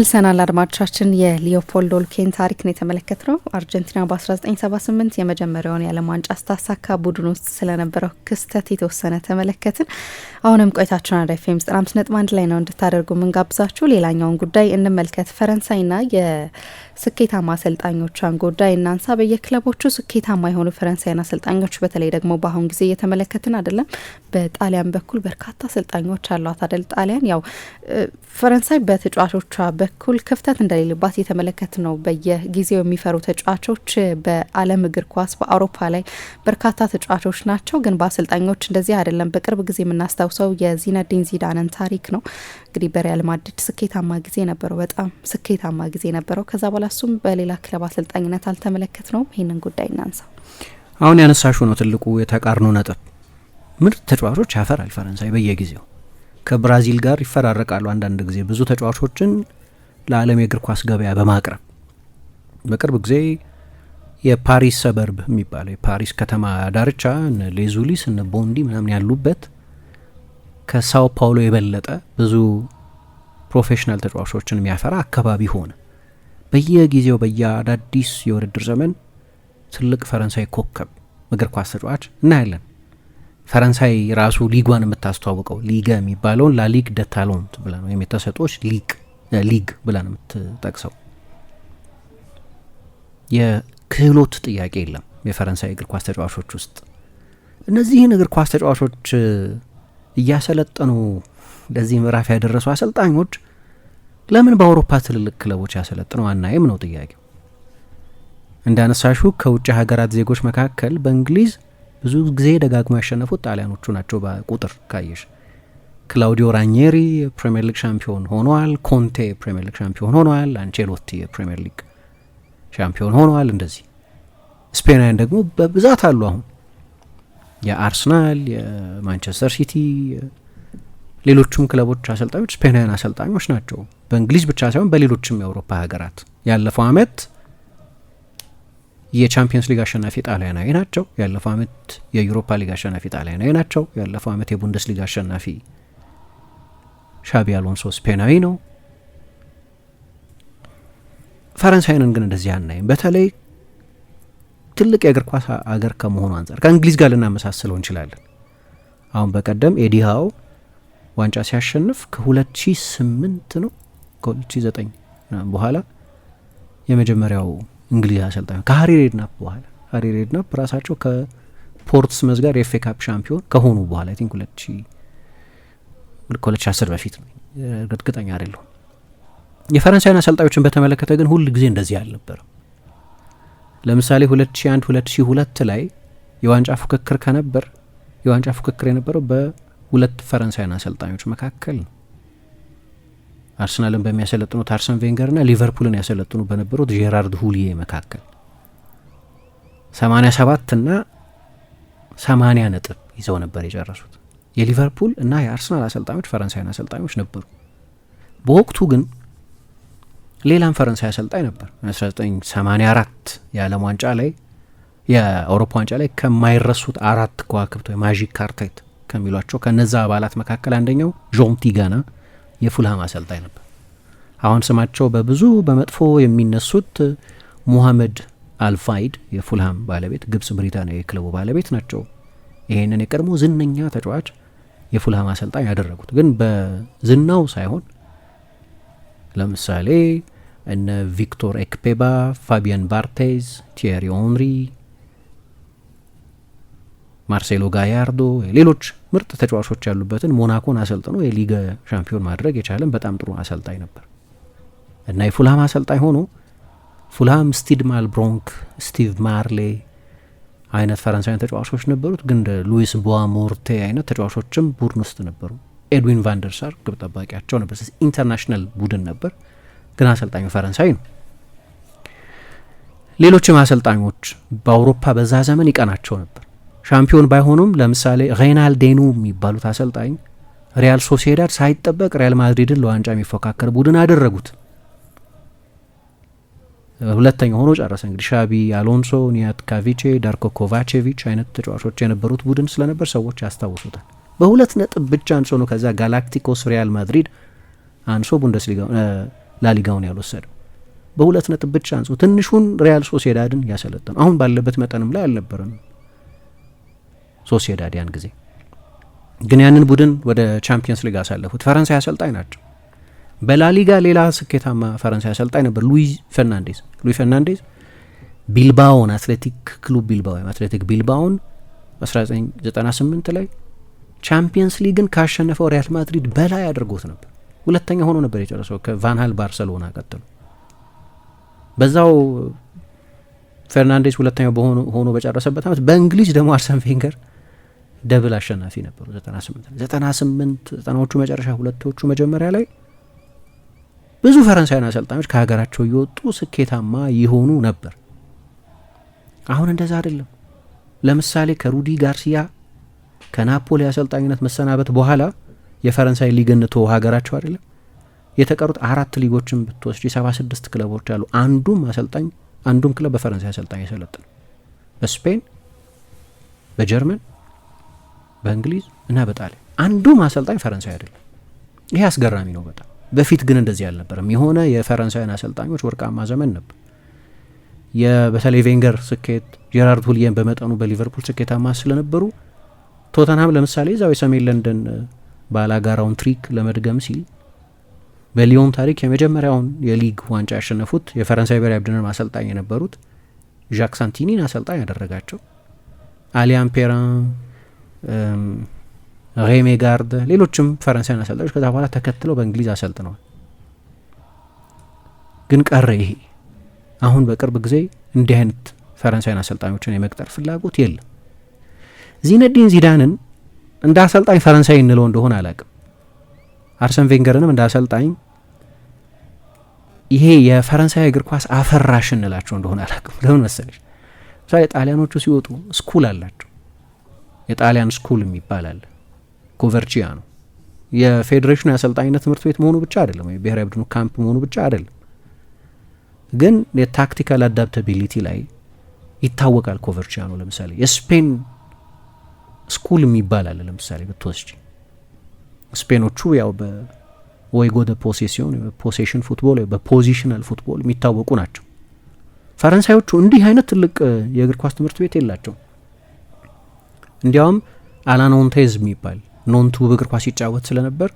ተመልሰናል አድማጮቻችን። የሊዮፖልዶ ሉኬን ታሪክ ነው ነው። አርጀንቲና በ1978 የመጀመሪያውን የዓለም ዋንጫ ስታሳካ ቡድን ውስጥ ስለነበረው ክስተት የተወሰነ ተመለከትን። አሁንም ቆይታችን አራዳ ኤፍ ኤም ዘጠና አምስት ነጥብ አንድ ላይ ነው እንድታደርጉ የምንጋብዛችሁ። ሌላኛውን ጉዳይ እንመልከት። ፈረንሳይና የስኬታማ አሰልጣኞቿን ጉዳይ እናንሳ። በየክለቦቹ ስኬታማ የሆኑ ፈረንሳይን አሰልጣኞች በተለይ ደግሞ በአሁን ጊዜ እየተመለከትን አይደለም። በጣሊያን በኩል በርካታ አሰልጣኞች አሏት አደል? ጣሊያን ያው ፈረንሳይ በተጫዋቾቿ በኩል ክፍተት እንደሌለባት እየተመለከት ነው። በየጊዜው የሚፈሩ ተጫዋቾች በዓለም እግር ኳስ በአውሮፓ ላይ በርካታ ተጫዋቾች ናቸው፣ ግን በአሰልጣኞች እንደዚህ አይደለም። በቅርብ ጊዜ የምናስታው የማስታውሰው የዚነዲን ዚዳንን ታሪክ ነው። እንግዲህ በሪያል ማድሪድ ስኬታማ ጊዜ ነበረው፣ በጣም ስኬታማ ጊዜ ነበረው። ከዛ በኋላ እሱም በሌላ ክለብ አሰልጣኝነት አልተመለከት ነው። ይህንን ጉዳይ እናንሳው። አሁን ያነሳሹ ነው ትልቁ የተቃርኖ ነጥብ። ምርጥ ተጫዋቾች ያፈራል ፈረንሳይ በየጊዜው ከብራዚል ጋር ይፈራረቃሉ። አንዳንድ ጊዜ ብዙ ተጫዋቾችን ለዓለም የእግር ኳስ ገበያ በማቅረብ በቅርብ ጊዜ የፓሪስ ሰበርብ የሚባለው የፓሪስ ከተማ ዳርቻ እነ ሌዙሊስ እነ ቦንዲ ምናምን ያሉበት ከሳው ፓውሎ የበለጠ ብዙ ፕሮፌሽናል ተጫዋቾችን የሚያፈራ አካባቢ ሆነ። በየጊዜው በየአዳዲስ የውድድር ዘመን ትልቅ ፈረንሳይ ኮከብ እግር ኳስ ተጫዋች እናያለን። ፈረንሳይ ራሱ ሊጓን የምታስተዋውቀው ሊገ የሚባለውን ላሊግ ደ ታሎንት ወይም የተሰጦች ሊግ ብለን የምትጠቅሰው። የክህሎት ጥያቄ የለም የፈረንሳይ እግር ኳስ ተጫዋቾች ውስጥ እነዚህን እግር ኳስ ተጫዋቾች እያሰለጠኑ ለዚህ ምዕራፍ ያደረሱ አሰልጣኞች ለምን በአውሮፓ ትልልቅ ክለቦች ያሰለጥነው አናይም ነው ጥያቄው። እንዳነሳሹ ከውጭ ሀገራት ዜጎች መካከል በእንግሊዝ ብዙ ጊዜ ደጋግሞ ያሸነፉት ጣሊያኖቹ ናቸው። በቁጥር ካየሽ ክላውዲዮ ራኘሪ የፕሪምየር ሊግ ሻምፒዮን ሆኗል። ኮንቴ የፕሪምየር ሊግ ሻምፒዮን ሆኗል። አንቼሎቲ የፕሪምየር ሊግ ሻምፒዮን ሆኗል። እንደዚህ ስፔናውያን ደግሞ በብዛት አሉ አሁን የአርሰናል፣ የማንቸስተር ሲቲ፣ ሌሎቹም ክለቦች አሰልጣኞች ስፔናውያን አሰልጣኞች ናቸው። በእንግሊዝ ብቻ ሳይሆን በሌሎችም የአውሮፓ ሀገራት ያለፈው አመት የቻምፒየንስ ሊግ አሸናፊ ጣሊያናዊ ናቸው። ያለፈው አመት የዩሮፓ ሊግ አሸናፊ ጣሊያናዊ ናቸው። ያለፈው አመት የቡንደስ ሊግ አሸናፊ ሻቢ አሎንሶ ስፔናዊ ነው። ፈረንሳይንን ግን እንደዚህ አናይም። በተለይ ትልቅ የእግር ኳስ አገር ከመሆኑ አንጻር ከእንግሊዝ ጋር ልናመሳስለው እንችላለን። አሁን በቀደም ኤዲሃው ዋንጫ ሲያሸንፍ ከ2008 ነው ከ2009 በኋላ የመጀመሪያው እንግሊዝ አሰልጣኝ ከሀሪ ሬድናፕ በኋላ ሀሪ ሬድናፕ ራሳቸው ከፖርትስ መዝጋር የኤፍ ኤ ካፕ ሻምፒዮን ከሆኑ በኋላ አይ ቲንክ ከሁለት ሺህ አስር በፊት ነው፣ እርግጠኛ አይደለሁም። የፈረንሳይን አሰልጣኞችን በተመለከተ ግን ሁል ጊዜ እንደዚህ አልነበረም። ለምሳሌ 2001 2002 ላይ የዋንጫ ፉክክር ከነበር የዋንጫ ፉክክር የነበረው በሁለት ፈረንሳይን አሰልጣኞች መካከል ነው። አርሰናልን በሚያሰለጥኑት አርሰን ቬንገርና ሊቨርፑልን ያሰለጥኑ በነበሩት ጄራርድ ሁሊዬ መካከል 87 እና 80 ነጥብ ይዘው ነበር የጨረሱት። የሊቨርፑል እና የአርሰናል አሰልጣኞች ፈረንሳይን አሰልጣኞች ነበሩ። በወቅቱ ግን ሌላም ፈረንሳይ አሰልጣኝ ነበር 1984 የዓለም ዋንጫ ላይ የአውሮፓ ዋንጫ ላይ ከማይረሱት አራት ከዋክብት ወይ ማጂክ ካርቴት ከሚሏቸው ከነዛ አባላት መካከል አንደኛው ዦን የፉልሃም አሰልጣኝ ነበር። አሁን ስማቸው በብዙ በመጥፎ የሚነሱት ሙሐመድ አልፋይድ የፉልሃም ባለቤት ግብጽ ብሪታንያ የክለቡ ባለቤት ናቸው። ይህንን የቀድሞ ዝነኛ ተጫዋች የፉልሃም አሰልጣኝ ያደረጉት ግን በዝናው ሳይሆን ለምሳሌ እነ ቪክቶር ኤክፔባ፣ ፋቢያን ባርቴዝ፣ ቲየሪ ኦንሪ፣ ማርሴሎ ጋያርዶ፣ ሌሎች ምርጥ ተጫዋቾች ያሉበትን ሞናኮን አሰልጥኖ የሊገ ሻምፒዮን ማድረግ የቻለን በጣም ጥሩ አሰልጣኝ ነበር እና የፉልሃም አሰልጣኝ ሆኖ ፉልሃም ስቲድ ማልብሮንክ፣ ስቲቭ ማርሌ አይነት ፈረንሳዊያን ተጫዋቾች ነበሩት። ግን እንደ ሉዊስ ቦዋ ሞርቴ አይነት ተጫዋቾችም ቡድን ውስጥ ነበሩ። ኤድዊን ቫንደርሳር ግብ ጠባቂያቸው ነበር። ስለዚህ ኢንተርናሽናል ቡድን ነበር፣ ግን አሰልጣኙ ፈረንሳዊ ነው። ሌሎችም አሰልጣኞች በአውሮፓ በዛ ዘመን ይቀናቸው ነበር። ሻምፒዮን ባይሆኑም ለምሳሌ ሬናልዴኑ የሚባሉት አሰልጣኝ ሪያል ሶሲዳድ ሳይጠበቅ ሪያል ማድሪድን ለዋንጫ የሚፎካከር ቡድን አደረጉት። ሁለተኛ ሆኖ ጨረሰ። እንግዲህ ሻቢ አሎንሶ፣ ኒያት ካቪቼ፣ ዳርኮ ኮቫቼቪች አይነት ተጫዋቾች የነበሩት ቡድን ስለነበር ሰዎች ያስታውሱታል። በሁለት ነጥብ ብቻ አንሶ ነው ከዛ ጋላክቲኮስ ሪያል ማድሪድ አንሶ ቡንደስሊጋ ላሊጋውን ያልወሰደው በሁለት ነጥብ ብቻ አንሶ ትንሹን ሪያል ሶሲዳድን ያሰለጠ አሁን ባለበት መጠንም ላይ አልነበረም ሶሲዳድ ያን ጊዜ ግን ያንን ቡድን ወደ ቻምፒየንስ ሊግ አሳለፉት። ፈረንሳይ አሰልጣኝ ናቸው። በላሊጋ ሌላ ስኬታማ ፈረንሳይ አሰልጣኝ ነበር ሉዊ ፈርናንዴዝ። ሉዊ ፈርናንዴዝ ቢልባውን አትሌቲክ ክሉብ ወይም አትሌቲክ ቢልባኦን 1998 ላይ ቻምፒየንስ ሊግን ካሸነፈው ሪያል ማድሪድ በላይ አድርጎት ነበር። ሁለተኛ ሆኖ ነበር የጨረሰው ከቫንሃል ባርሰሎና ቀጥሎ። በዛው ፌርናንዴስ ሁለተኛው ሆኖ በጨረሰበት አመት በእንግሊዝ ደግሞ አርሰን ቬንገር ደብል አሸናፊ ነበሩ። 98 ስምንት ዘጠናዎቹ መጨረሻ ሁለቶቹ መጀመሪያ ላይ ብዙ ፈረንሳያን አሰልጣኞች ከሀገራቸው እየወጡ ስኬታማ ይሆኑ ነበር። አሁን እንደዛ አይደለም። ለምሳሌ ከሩዲ ጋርሲያ ከናፖሊ አሰልጣኝነት መሰናበት በኋላ የፈረንሳይ ሊግን ቶ ሀገራቸው አይደለም የተቀሩት አራት ሊጎችን ብትወስድ የሰባ ስድስት ክለቦች አሉ። አንዱም አሰልጣኝ አንዱም ክለብ በፈረንሳይ አሰልጣኝ የሰለጠነ በስፔን፣ በጀርመን፣ በእንግሊዝ እና በጣሊያን አንዱም አሰልጣኝ ፈረንሳይ አይደለም። ይሄ አስገራሚ ነው በጣም በፊት ግን እንደዚህ አልነበረም። የሆነ የፈረንሳይን አሰልጣኞች ወርቃማ ዘመን ነበር። የበተለይ ቬንገር ስኬት፣ ጀራርድ ሁልየን በመጠኑ በሊቨርፑል ስኬታማ ስለነበሩ ቶተንሃም ለምሳሌ እዛው የሰሜን ለንደን ባላጋራውን ትሪክ ለመድገም ሲል በሊዮን ታሪክ የመጀመሪያውን የሊግ ዋንጫ ያሸነፉት የፈረንሳይ ብሔራዊ ቡድን አሰልጣኝ የነበሩት ዣክ ሳንቲኒን አሰልጣኝ ያደረጋቸው አሊያን ፔራን፣ ሬሜ ጋርድ፣ ሌሎችም ፈረንሳይን አሰልጣኞች ከዛ በኋላ ተከትለው በእንግሊዝ አሰልጥነዋል። ግን ቀረ ይሄ። አሁን በቅርብ ጊዜ እንዲህ አይነት ፈረንሳይን አሰልጣኞችን የመቅጠር ፍላጎት የለም። ዚነዲን ዚዳንን እንደ አሰልጣኝ ፈረንሳይ እንለው እንደሆነ አላቅም። አርሰን ቬንገርንም እንደ አሰልጣኝ ይሄ የፈረንሳይ እግር ኳስ አፈራሽ እንላቸው እንደሆነ አላቅም። ለምን መሰለሽ ምሳሌ ጣሊያኖቹ ሲወጡ ስኩል አላቸው። የጣሊያን ስኩል የሚባላል ኮቨርቺያ ነው የፌዴሬሽኑ የአሰልጣኝነት ትምህርት ቤት መሆኑ ብቻ አይደለም፣ ወይም ብሔራዊ ቡድኑ ካምፕ መሆኑ ብቻ አይደለም። ግን የታክቲካል አዳፕታቢሊቲ ላይ ይታወቃል ኮቨርቺያኖ። ለምሳሌ የስፔን ስኩል የሚባል አለ። ለምሳሌ ብትወስጂ ስፔኖቹ ያው ወይ ጎደ ፖሴሲዮን ፖሴሽን ፉትቦል በፖዚሽናል ፉትቦል የሚታወቁ ናቸው። ፈረንሳዮቹ እንዲህ አይነት ትልቅ የእግር ኳስ ትምህርት ቤት የላቸውም። እንዲያውም አላኖንቴዝ የሚባል ኖንት ውብ እግር ኳስ ሲጫወት ስለነበር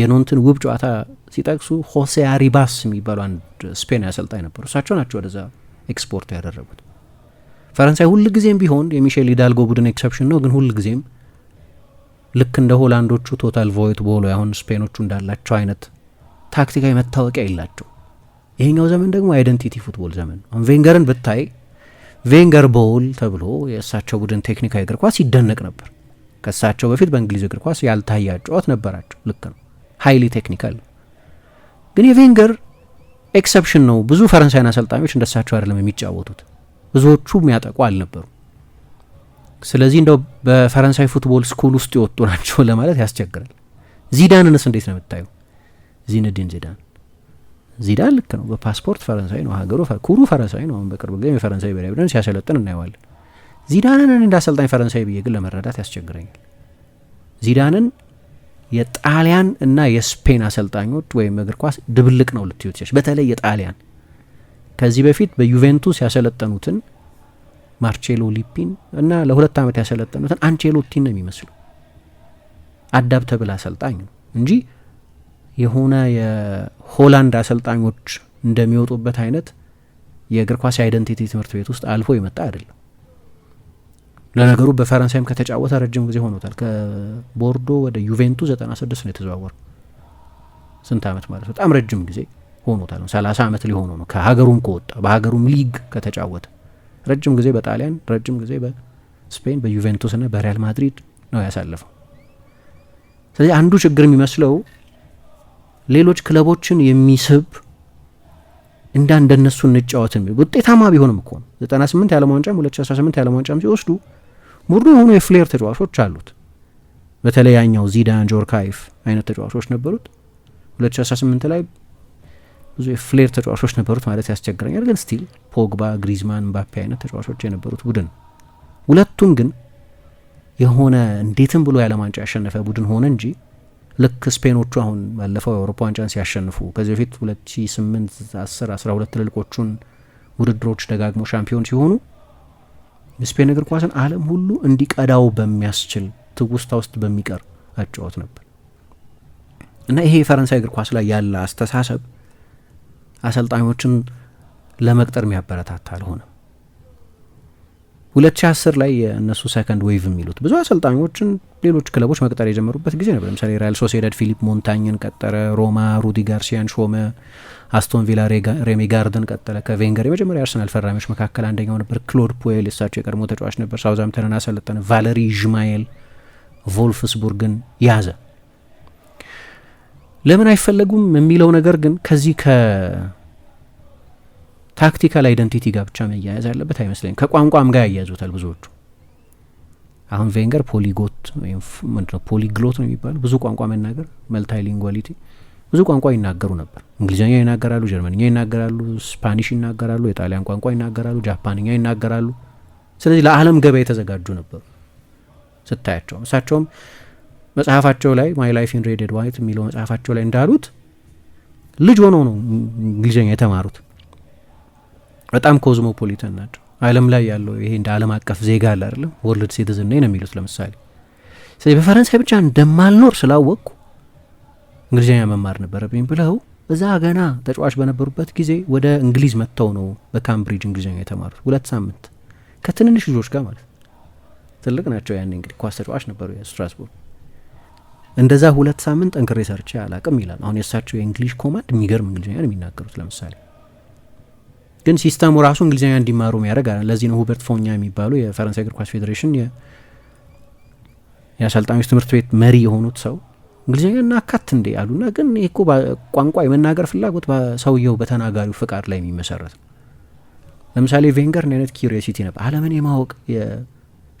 የኖንትን ውብ ጨዋታ ሲጠቅሱ ሆሴ አሪባስ የሚባሉ አንድ ስፔን አሰልጣኝ ነበሩ። እሳቸው ናቸው ወደዛ ኤክስፖርት ያደረጉት። ፈረንሳይ ጊዜም ቢሆን የሚሼል ሂዳልጎ ቡድን ኤክሰፕሽን ነው፣ ግን ጊዜም ልክ እንደ ሆላንዶቹ ቶታል ቮይት ቦሎ አሁን ስፔኖቹ እንዳላቸው አይነት ታክቲካዊ መታወቂያ የላቸው። ይሄኛው ዘመን ደግሞ አይደንቲቲ ፉትቦል ዘመን ነው። ቬንገርን ብታይ ቬንገር ቦል ተብሎ የእሳቸው ቡድን ቴክኒካዊ እግር ኳስ ይደነቅ ነበር። ከእሳቸው በፊት በእንግሊዝ እግር ኳስ ያልታያ ጨዋት ነበራቸው። ልክ ነው፣ ሀይሊ ቴክኒካል ነው። ግን የቬንገር ኤክሰፕሽን ነው። ብዙ ፈረንሳይን አሰልጣኞች እንደሳቸው አይደለም የሚጫወቱት። ብዙዎቹ የሚያጠቁ አልነበሩ። ስለዚህ እንደው በፈረንሳይ ፉትቦል ስኩል ውስጥ የወጡ ናቸው ለማለት ያስቸግራል። ዚዳንንስ እንዴት ነው የምታዩ? ዚነዲን ዚዳን ዚዳን ልክ ነው፣ በፓስፖርት ፈረንሳይ ነው፣ ሀገሩ ኩሩ ፈረንሳይ ነው። አሁን በቅርብ ጊዜ የፈረንሳይ ብሔራዊ ቡድን ሲያሰለጥን እናየዋለን። ዚዳንን እንደ አሰልጣኝ ፈረንሳይ ብዬ ግን ለመረዳት ያስቸግረኛል። ዚዳንን የጣሊያን እና የስፔን አሰልጣኞች ወይም እግር ኳስ ድብልቅ ነው ልትዩ ትችላለች። በተለይ የጣሊያን ከዚህ በፊት በዩቬንቱስ ያሰለጠኑትን ማርቼሎ ሊፒን እና ለሁለት ዓመት ያሰለጠኑትን አንቼሎቲን ነው የሚመስሉ አዳፕተብል አሰልጣኝ ነው እንጂ የሆነ የሆላንድ አሰልጣኞች እንደሚወጡበት አይነት የእግር ኳስ የአይደንቲቲ ትምህርት ቤት ውስጥ አልፎ የመጣ አይደለም። ለነገሩ በፈረንሳይም ከተጫወተ ረጅም ጊዜ ሆኖታል። ከቦርዶ ወደ ዩቬንቱ 96 ነው የተዘዋወረው። ስንት ዓመት ማለት በጣም ረጅም ጊዜ ሆኖታል። ነው ሰላሳ አመት ሊሆኑ ነው ከሀገሩም ከወጣ በሀገሩም ሊግ ከተጫወተ ረጅም ጊዜ በጣሊያን ረጅም ጊዜ በስፔን በዩቬንቱስ በዩቬንቱስና በሪያል ማድሪድ ነው ያሳለፈው። ስለዚህ አንዱ ችግር የሚመስለው ሌሎች ክለቦችን የሚስብ እንዳ እንደነሱ እንጫወት ውጤታማ ቢሆንም እኮ ነው 98 የዓለም ዋንጫም 2018 የዓለም ዋንጫም ሲወስዱ ሙሉ የሆኑ የፍሌር ተጫዋቾች አሉት። በተለይ ያኛው ዚዳን ጆርካይፍ አይነት ተጫዋቾች ነበሩት 2018 ላይ ብዙ የፍሌር ተጫዋቾች ነበሩት ማለት ያስቸግረኛል። ግን ስቲል ፖግባ፣ ግሪዝማን፣ ምባፔ አይነት ተጫዋቾች የነበሩት ቡድን ሁለቱም ግን የሆነ እንዴትም ብሎ ያለ ዋንጫ ያሸነፈ ቡድን ሆነ እንጂ ልክ ስፔኖቹ አሁን ባለፈው የአውሮፓ ዋንጫን ሲያሸንፉ ከዚህ በፊት 2008፣ 10፣ 12 ትልልቆቹን ውድድሮች ደጋግሞ ሻምፒዮን ሲሆኑ ስፔን እግር ኳስን ዓለም ሁሉ እንዲቀዳው በሚያስችል ትውስታ ውስጥ በሚቀር አጫወት ነበር እና ይሄ የፈረንሳይ እግር ኳስ ላይ ያለ አስተሳሰብ አሰልጣኞችን ለመቅጠር የሚያበረታታ አልሆነም። 2010 ላይ የእነሱ ሰከንድ ዌቭ የሚሉት ብዙ አሰልጣኞችን ሌሎች ክለቦች መቅጠር የጀመሩበት ጊዜ ነበር። ለምሳሌ ሪያል ሶሴዳድ ፊሊፕ ሞንታኝን ቀጠረ፣ ሮማ ሩዲ ጋርሲያን ሾመ፣ አስቶን ቪላ ሬሚ ቀጠለ። ከቬንገር የመጀመሪያ አርሰናል ፈራሚዎች መካከል አንደኛው ነበር። ክሎድ ፖኤል የሳቸው የቀድሞ ተጫዋች ነበር። ሳውዛምተንን አሰለጠነ። ቫለሪ ዥማኤል ቮልፍስቡርግን ያዘ። ለምን አይፈለጉም የሚለው ነገር ግን ከዚህ ታክቲካል አይደንቲቲ ጋር ብቻ መያያዝ ያለበት አይመስለኝም። ከቋንቋም ጋር ያያዙታል ብዙዎቹ። አሁን ቬንገር ፖሊጎት ወይም ምንድነው ፖሊግሎት ነው የሚባለው፣ ብዙ ቋንቋ መናገር መልታይሊንጓሊቲ፣ ብዙ ቋንቋ ይናገሩ ነበር። እንግሊዝኛ ይናገራሉ፣ ጀርመንኛ ይናገራሉ፣ ስፓኒሽ ይናገራሉ፣ የጣሊያን ቋንቋ ይናገራሉ፣ ጃፓንኛ ይናገራሉ። ስለዚህ ለዓለም ገበያ የተዘጋጁ ነበሩ ስታያቸው። እሳቸውም መጽሐፋቸው ላይ ማይ ላይፍ ኢን ሬድ ኤንድ ዋይት የሚለው መጽሐፋቸው ላይ እንዳሉት ልጅ ሆነው ነው እንግሊዝኛ የተማሩት። በጣም ኮዝሞፖሊተን ናቸው። ዓለም ላይ ያለው ይሄ እንደ ዓለም አቀፍ ዜጋ አለ አይደለም ወርልድ ሲቲዝን ነው የሚሉት ለምሳሌ። ስለዚህ በፈረንሳይ ብቻ እንደማልኖር ስላወቅኩ እንግሊዝኛ መማር ነበረብኝ ብለው እዛ ገና ተጫዋች በነበሩበት ጊዜ ወደ እንግሊዝ መጥተው ነው በካምብሪጅ እንግሊዝኛ የተማሩት ሁለት ሳምንት ከትንንሽ ልጆች ጋር ማለት ትልቅ ናቸው ያኔ እንግዲህ ኳስ ተጫዋች ነበሩ የስትራስቡርግ እንደዛ ሁለት ሳምንት ጠንክሬ ሰርቼ አላቅም ይላል አሁን የእሳቸው የእንግሊሽ ኮማንድ የሚገርም እንግሊዝኛ ነው የሚናገሩት ለምሳሌ ግን ሲስተሙ ራሱ እንግሊዝኛ እንዲማሩ የሚያደርግ አለ። ለዚህ ነው ሁበርት ፎኛ የሚባሉ የፈረንሳይ እግር ኳስ ፌዴሬሽን የአሰልጣኞች ትምህርት ቤት መሪ የሆኑት ሰው እንግሊዝኛ እና አካት እንዴ አሉና፣ ግን ይህ እኮ ቋንቋ የመናገር ፍላጎት በሰውየው በተናጋሪው ፍቃድ ላይ የሚመሰረት ነው። ለምሳሌ ቬንገር አይነት ኪሪሲቲ ነበር፣ አለምን የማወቅ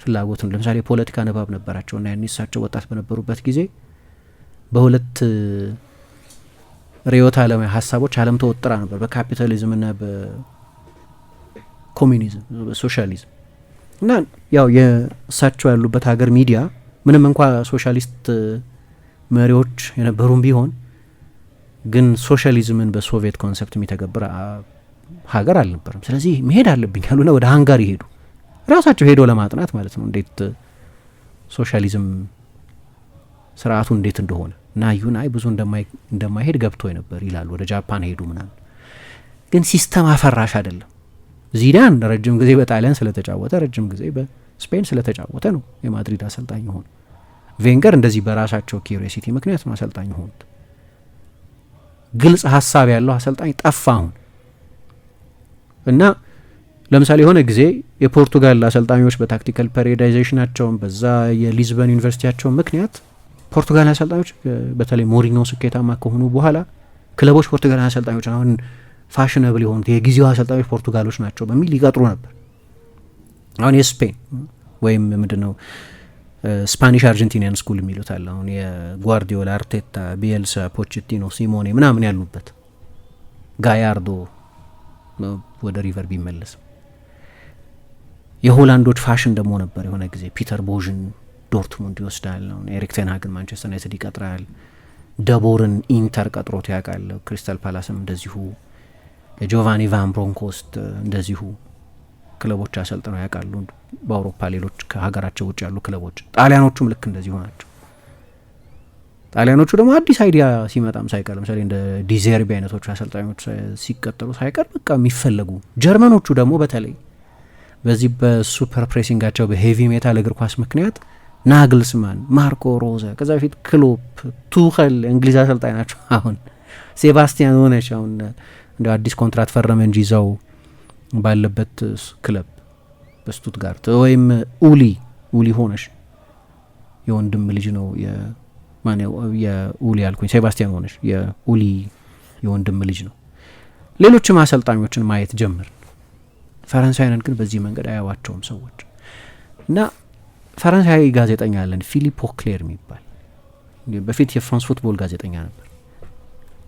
ፍላጎት ነው። ለምሳሌ የፖለቲካ ንባብ ነበራቸው እና ያኔ እሳቸው ወጣት በነበሩበት ጊዜ በሁለት ርዕዮተ ዓለማዊ ሀሳቦች አለም ተወጥራ ነበር፣ በካፒታሊዝም ና ኮሚኒዝም፣ ሶሻሊዝም እና ያው የእሳቸው ያሉበት ሀገር ሚዲያ ምንም እንኳ ሶሻሊስት መሪዎች የነበሩም ቢሆን ግን ሶሻሊዝምን በሶቪየት ኮንሰፕት የሚተገብር ሀገር አልነበርም። ስለዚህ መሄድ አለብኝ ያሉና ወደ ሀንጋሪ ሄዱ። ራሳቸው ሄዶ ለማጥናት ማለት ነው እንዴት ሶሻሊዝም ስርዓቱ እንዴት እንደሆነ እና አይ ብዙ እንደማይሄድ ገብቶ ነበር ይላሉ። ወደ ጃፓን ሄዱ ምናምን። ግን ሲስተም አፈራሽ አይደለም ዚዳን ረጅም ጊዜ በጣሊያን ስለተጫወተ ረጅም ጊዜ በስፔን ስለተጫወተ ነው የማድሪድ አሰልጣኝ የሆኑ። ቬንገር እንደዚህ በራሳቸው ኪሪሲቲ ምክንያት ነው አሰልጣኝ ሆኑት። ግልጽ ሀሳብ ያለው አሰልጣኝ ጠፋ አሁን እና ለምሳሌ የሆነ ጊዜ የፖርቱጋል አሰልጣኞች በታክቲካል ፐሬዳይዜሽናቸውም በዛ የሊዝበን ዩኒቨርሲቲያቸው ምክንያት ፖርቱጋል አሰልጣኞች በተለይ ሞሪኖ ስኬታማ ከሆኑ በኋላ ክለቦች ፖርቱጋል አሰልጣኞች አሁን ፋሽነብል የሆኑት የጊዜው አሰልጣኞች ፖርቱጋሎች ናቸው በሚል ይቀጥሩ ነበር። አሁን የስፔን ወይም ምንድን ነው ስፓኒሽ አርጀንቲኒያን ስኩል የሚሉት አለ። አሁን የጓርዲዮላ፣ አርቴታ፣ ቢኤልሳ፣ ፖቼቲኖ፣ ሲሞኔ ምናምን ያሉበት ጋያርዶ ወደ ሪቨር ቢመለስ የሆላንዶች ፋሽን ደግሞ ነበር። የሆነ ጊዜ ፒተር ቦዥን ዶርትሙንድ ይወስዳል። አሁን ኤሪክ ቴንሃግን ማንቸስተር ዩናይትድ ይቀጥራል። ደቦርን ኢንተር ቀጥሮት ያውቃል። ክሪስታል ፓላስም እንደዚሁ ጆቫኒ ቫን ብሮንኮስት እንደዚሁ ክለቦች አሰልጥነው ያውቃሉ። በአውሮፓ ሌሎች ከሀገራቸው ውጭ ያሉ ክለቦች ጣሊያኖቹም ልክ እንደዚሁ ናቸው። ጣሊያኖቹ ደግሞ አዲስ አይዲያ ሲመጣም ሳይቀር ለምሳሌ እንደ ዲዘርቢ አይነቶቹ አሰልጣኞች ሲቀጠሉ ሳይቀር በቃ የሚፈለጉ ጀርመኖቹ ደግሞ በተለይ በዚህ በሱፐር ፕሬሲንጋቸው በሄቪ ሜታል እግር ኳስ ምክንያት ናግልስማን፣ ማርኮ ሮዘ ከዛ በፊት ክሎፕ፣ ቱኸል እንግሊዝ አሰልጣኝ ናቸው። አሁን ሴባስቲያን ሆነች አሁን እንዲ አዲስ ኮንትራት ፈረመ እንጂ ይዘው ባለበት ክለብ በስቱትጋርት ወይም ኡሊ ኡሊ ሆነሽ የወንድም ልጅ ነው የኡሊ አልኩኝ፣ ሴባስቲያን ሆነሽ የኡሊ የወንድም ልጅ ነው። ሌሎችም አሰልጣኞችን ማየት ጀምር። ፈረንሳይንን ግን በዚህ መንገድ አያዋቸውም ሰዎች እና ፈረንሳዊ ጋዜጠኛ አለን ፊሊፖ ክሌር የሚባል በፊት የፍራንስ ፉትቦል ጋዜጠኛ ነበር።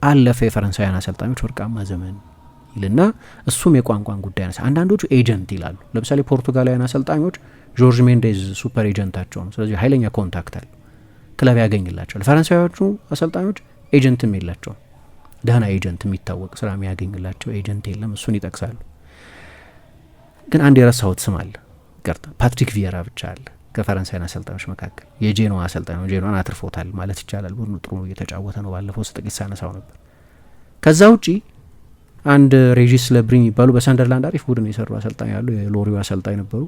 አለፈ የፈረንሳውያን አሰልጣኞች ወርቃማ ዘመን ይልና እሱም የቋንቋን ጉዳይ ነሳ። አንዳንዶቹ ኤጀንት ይላሉ። ለምሳሌ ፖርቱጋላውያን አሰልጣኞች ጆርጅ ሜንዴዝ ሱፐር ኤጀንታቸው ነው። ስለዚህ ኃይለኛ ኮንታክት አለ፣ ክለብ ያገኝላቸዋል። ፈረንሳዮቹ አሰልጣኞች ኤጀንትም የላቸውም። ደህና ኤጀንት የሚታወቅ ስራ የሚያገኝላቸው ኤጀንት የለም። እሱን ይጠቅሳሉ። ግን አንድ የረሳሁት ስም አለ፣ ይቅርታ፣ ፓትሪክ ቪየራ ብቻ አለ። ከፈረንሳይን አሰልጣኞች መካከል የጄኖዋ አሰልጣኝ ጄኖዋን አትርፎታል ማለት ይቻላል። ቡድኑ ጥሩ እየተጫወተ ነው። ባለፈው ውስጥ ጥቂት ሳነሳው ነበር። ከዛ ውጪ አንድ ሬጂስ ለብሪን የሚባሉ በሰንደርላንድ አሪፍ ቡድን የሰሩ አሰልጣኝ ያሉ የሎሪው አሰልጣኝ ነበሩ።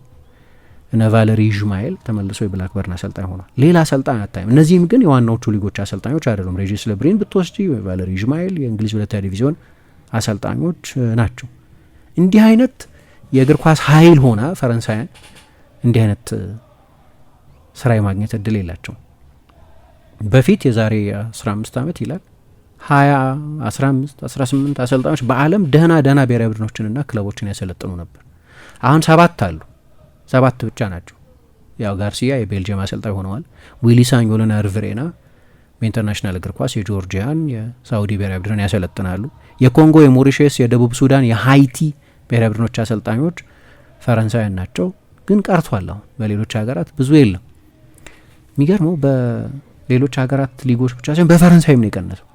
እነ ቫለሪ ዥማኤል ተመልሶ የብላክበርን አሰልጣኝ ሆኗል። ሌላ አሰልጣኝ አታይም። እነዚህም ግን የዋናዎቹ ሊጎች አሰልጣኞች አይደሉም። ሬጂስ ለብሪን ብትወስጂ፣ ቫለሪ ዥማኤል የእንግሊዝ ሁለተኛ ዲቪዚዮን አሰልጣኞች ናቸው። እንዲህ አይነት የእግር ኳስ ኃይል ሆና ፈረንሳያን እንዲህ አይነት ስራ የማግኘት እድል የላቸውም። በፊት የዛሬ 15 ዓመት ይላል 20 15 18 አሰልጣኞች በዓለም ደህና ደህና ብሔራዊ ቡድኖችንና ክለቦችን ያሰለጥኑ ነበር። አሁን ሰባት አሉ። ሰባት ብቻ ናቸው። ያው ጋርሲያ የቤልጅየም አሰልጣኝ ሆነዋል። ዊሊ ሳኞልና ርቭሬና በኢንተርናሽናል እግር ኳስ የጆርጂያን የሳውዲ ብሔራዊ ቡድን ያሰለጥናሉ። የኮንጎ፣ የሞሪሽስ፣ የደቡብ ሱዳን፣ የሃይቲ ብሔራዊ ቡድኖች አሰልጣኞች ፈረንሳውያን ናቸው። ግን ቀርቷል። አሁን በሌሎች ሀገራት ብዙ የለም። የሚገርመው በሌሎች ሀገራት ሊጎች ብቻ ሳይሆን በፈረንሳይም ነው የቀነሰው።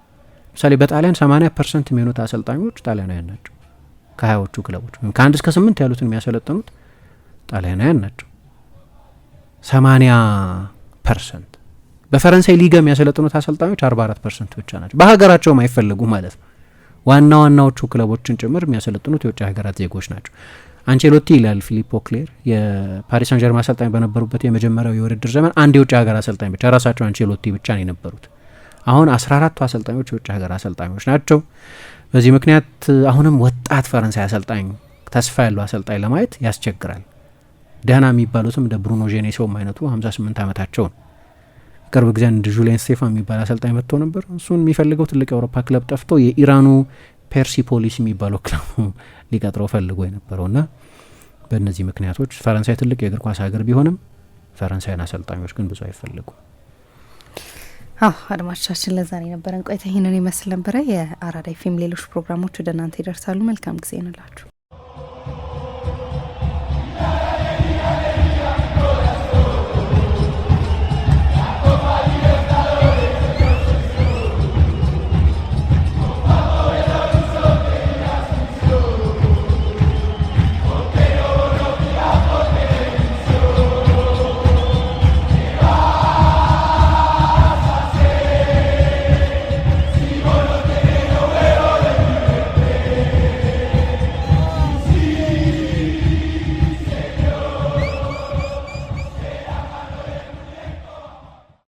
ለምሳሌ በጣሊያን 80 ፐርሰንት የሚሆኑት አሰልጣኞች ጣሊያናውያን ናቸው። ከሀያዎቹ ክለቦች ወይም ከአንድ እስከ ስምንት ያሉትን የሚያሰለጥኑት ጣሊያናውያን ናቸው። 80 ፐርሰንት በፈረንሳይ ሊጋ የሚያሰለጥኑት አሰልጣኞች 44 ፐርሰንት ብቻ ናቸው። በሀገራቸውም አይፈለጉ ማለት ነው። ዋና ዋናዎቹ ክለቦችን ጭምር የሚያሰለጥኑት የውጭ ሀገራት ዜጎች ናቸው። አንቸሎቲ ይላል ፊሊፖ ክሌር የፓሪስ ሳን ጀርማ አሰልጣኝ በነበሩበት የመጀመሪያው የውድድር ዘመን አንድ የውጭ ሀገር አሰልጣኝ ብቻ ራሳቸው አንቸሎቲ ብቻ ነው የነበሩት። አሁን አስራ አራቱ አሰልጣኞች የውጭ ሀገር አሰልጣኞች ናቸው። በዚህ ምክንያት አሁንም ወጣት ፈረንሳይ አሰልጣኝ ተስፋ ያለው አሰልጣኝ ለማየት ያስቸግራል። ደህና የሚባሉትም እንደ ብሩኖ ጄኔሶም አይነቱ ስምንት ዓመታቸው ነው። ቅርብ ጊዜ እንደ ጁሊያን ስቴፋ የሚባል አሰልጣኝ መጥቶ ነበር። እሱን የሚፈልገው ትልቅ የአውሮፓ ክለብ ጠፍቶ የኢራኑ ፐርሲፖሊስ የሚባለው ክለቡ ሊቀጥረው ፈልጎ የነበረውና በእነዚህ ምክንያቶች ፈረንሳይ ትልቅ የእግር ኳስ ሀገር ቢሆንም ፈረንሳይን አሰልጣኞች ግን ብዙ አይፈልጉም። አዎ አድማጮቻችን፣ ነው የነበረን ቆይታ ይህንን ይመስል ነበረ። የአራዳ ኤፍ ኤም ሌሎች ፕሮግራሞች ወደ እናንተ ይደርሳሉ። መልካም ጊዜ እንላችሁ።